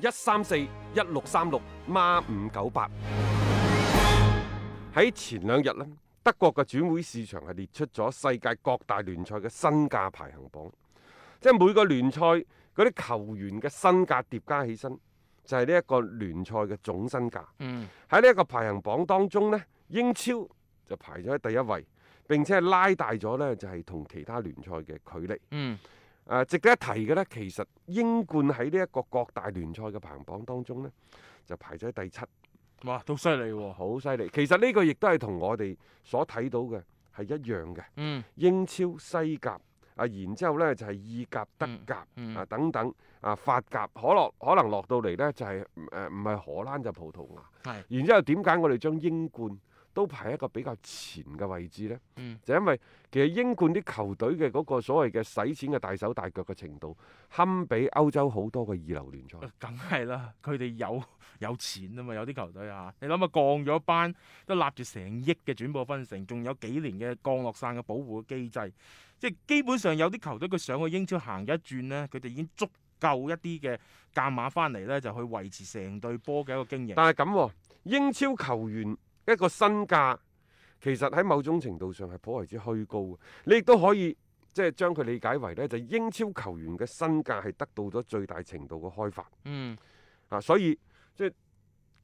一三四一六三六孖五九八。喺前兩日呢，德國嘅轉會市場係列出咗世界各大聯賽嘅身價排行榜，即係每個聯賽嗰啲球員嘅身價疊加起身，就係呢一個聯賽嘅總身價。嗯，喺呢一個排行榜當中呢，英超就排咗喺第一位，並且係拉大咗呢就係同其他聯賽嘅距離。嗯。誒、啊、值得一提嘅呢，其實英冠喺呢一個各大聯賽嘅排行榜當中呢，就排咗喺第七。哇，都犀利喎，好犀利！其實呢個亦都係同我哋所睇到嘅係一樣嘅。嗯，英超、西甲啊，然之後呢就係、是、意甲、德甲、嗯嗯、啊等等啊法甲，可落可能落到嚟呢，就係誒唔係荷蘭就係、葡萄牙。是然之後點解我哋將英冠都排一個比較前嘅位置呢。嗯、就因為其實英冠啲球隊嘅嗰個所謂嘅使錢嘅大手大腳嘅程度，堪比歐洲好多嘅二流聯賽，嗯。梗係啦，佢哋有有錢啊嘛，有啲球隊啊，你諗下降咗班都立住成億嘅轉播分成，仲有幾年嘅降落傘嘅保護嘅機制，即基本上有啲球隊佢上去英超行一轉呢，佢哋已經足夠一啲嘅價碼翻嚟呢，就去維持成隊波嘅一個經營。但係咁喎，英超球員一個身價其實喺某種程度上係頗為之虛高嘅，你亦都可以即係將佢理解為呢，就英超球員嘅身價係得到咗最大程度嘅開發。嗯，啊，所以即係。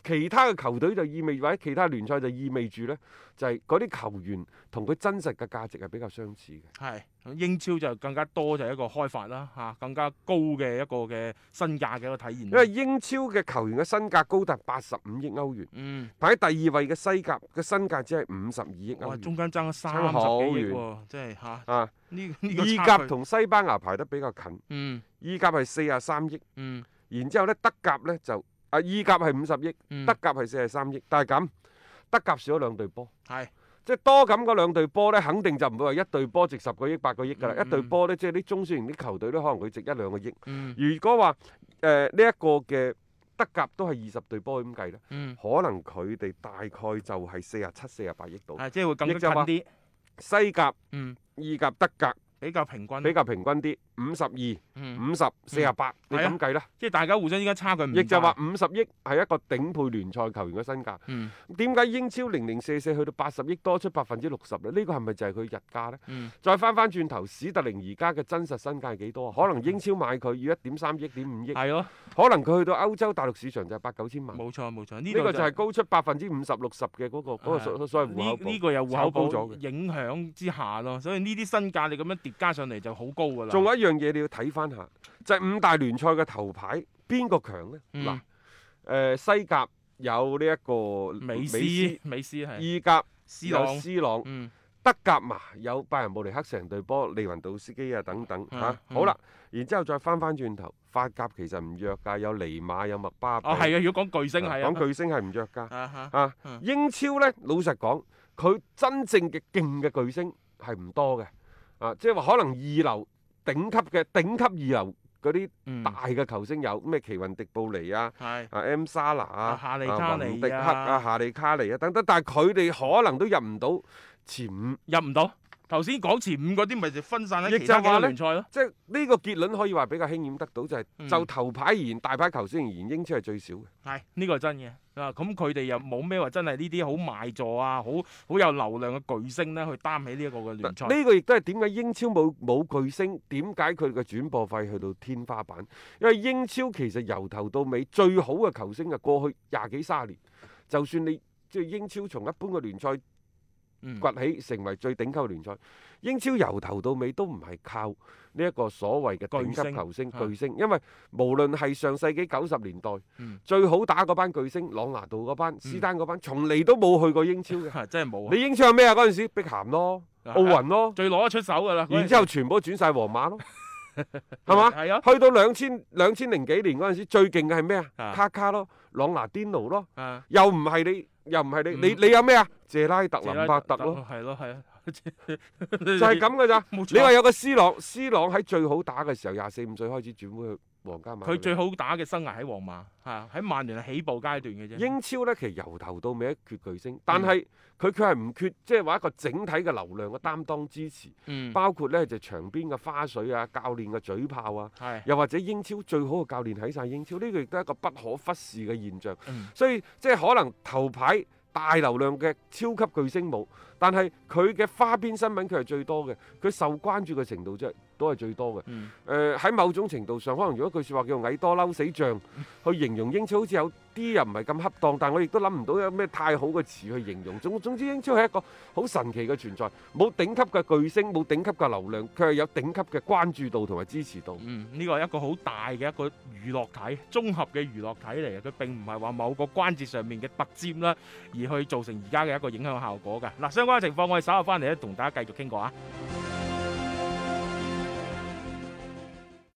其他嘅球隊就意味或者其他聯賽就意味住咧，就係嗰啲球員同佢真實嘅價值係比較相似嘅。係英超就更加多就係一個開發啦嚇、啊，更加高嘅一個嘅身價嘅一個體現。因為英超嘅球員嘅身價高達八十五億歐元，嗯、排喺第二位嘅西甲嘅身價只係五十二億歐元。中間爭咗三十幾億喎，真係嚇啊，呢呢、啊、個差距、啊、意甲同西班牙排得比較近。嗯。意甲係四十三億。嗯。然之後咧，德甲咧就。就就就意甲係五十億，德甲係四十三億，但係咁，德甲少咗兩隊波，係即係多咁嗰兩隊波咧，肯定就唔會話一隊波值十個億、八個億㗎啦。一隊波咧，即係啲中小型啲球隊都可能佢值一兩個億。如果話誒呢一個嘅德甲都係二十隊波咁計咧，可能佢哋大概就係四十七、四十八億度。係即係會咁就話西甲、意甲、德甲比較平均，比較平均啲。五十二、五十、四十八，你咁計啦，即係大家互相而家差距唔大。亦就話五十億係一個頂配聯賽球員嘅身價。點解英超零零四四去到八十億多出百分之六十呢？呢個係咪就係佢日價呢？再翻翻轉頭，史特靈而家嘅真實身價係幾多啊？可能英超買佢要一點三億、點五億。可能佢去到歐洲大陸市場就係八九千萬。冇錯冇錯，呢一個就係高出百分之五十六十嘅嗰個嗰個所所謂戶口簿。呢呢個又戶口簿咗嘅影響之下咯，所以呢啲身價你咁樣疊加上嚟就好高㗎啦。樣嘢你要睇翻下，就是、五大聯賽嘅頭牌邊個強呢？嗱，誒，西甲有呢、這、一個美斯思美斯係，意甲有 C 朗、嗯、德甲嘛有拜仁慕尼黑、成隊波、利雲道斯基啊等等吓。啊嗯嗯、好啦，然之後再翻翻轉頭，法甲其實唔弱噶有尼馬有麥巴。係、哦、啊，如果講巨星係講巨星係唔弱噶啊。嗯、英超咧老實講，佢真正嘅勁嘅巨星係唔多嘅啊，即係話可能二流。cuộc 頂級嘅頂級二流啲大嘅球星有咩、嗯、奇雲迪布尼啊，係啊 M 沙拿啊，啊啊夏利卡尼、啊啊、雲迪克啊，夏利卡尼啊等等，但係佢哋可能都入唔到前五，入唔到。頭先講前五嗰啲咪就分散喺其他幾聯賽咯。即係呢個結論可以話比較輕易得到，就係就頭牌而言，嗯、大牌球星而言，英超係最少嘅。係呢、哎，這個係真嘅。啊，咁佢哋又冇咩話真係呢啲好賣座啊，好好有流量嘅巨星咧，去擔起呢一個嘅聯賽。呢個亦都係點解英超冇冇巨星，點解佢嘅轉播費去到天花板？因為英超其實由頭到尾最好嘅球星就過去廿幾卅年，就算你即係英超從一般嘅聯賽。崛起成為最頂級聯賽，英超由頭到尾都唔係靠呢一個所謂嘅頂級球星巨星，因為無論係上世紀九十年代最好打嗰班巨星，朗拿度嗰班、斯丹嗰班，從嚟都冇去過英超嘅，真係冇。你英超係咩啊？嗰陣時碧咸咯，奧雲咯，最攞得出手噶啦，然之後全部轉晒皇馬咯，係嘛？係啊，去到兩千兩千零幾年嗰陣時，最勁嘅係咩啊？卡卡咯，朗拿甸奴咯，又唔係你。又唔係你，嗯、你，你你有咩啊？謝拉特、林柏特咯，係咯，係啊，就係咁嘅咋。你話有個 C 朗，C 朗喺最好打嘅時候，廿四五歲開始轉會去。佢最好打嘅生涯喺皇馬，係喺曼聯係起步階段嘅啫。英超咧，其實由頭到尾一缺巨星，但係佢卻係唔缺，即係話一個整體嘅流量嘅擔當支持，嗯、包括咧就係、場邊嘅花絮啊、教練嘅嘴炮啊，是又或者英超最好嘅教練喺晒英超，呢個亦都係一個不可忽視嘅現象。嗯、所以即係、就係、可能頭牌大流量嘅超級巨星冇，但係佢嘅花邊新聞佢係最多嘅，佢受關注嘅程度真係。都係最多嘅。誒喺某種程度上，可能如果一句説話叫「蟻多摟死象」去形容英超，好似有啲人唔係咁恰當。但係我亦都諗唔到有咩太好嘅詞去形容。總總之，英超係一個好神奇嘅存在，冇頂級嘅巨星，冇頂級嘅流量，卻係有頂級嘅關注度同埋支持度。嗯，呢個係一個好大嘅一個娛樂體，綜合嘅娛樂體嚟嘅。佢並唔係話某個關節上面嘅拔尖啦，而去造成而家嘅一個影響效果㗎。嗱，相關嘅情況我哋稍後翻嚟咧，同大家繼續傾過啊。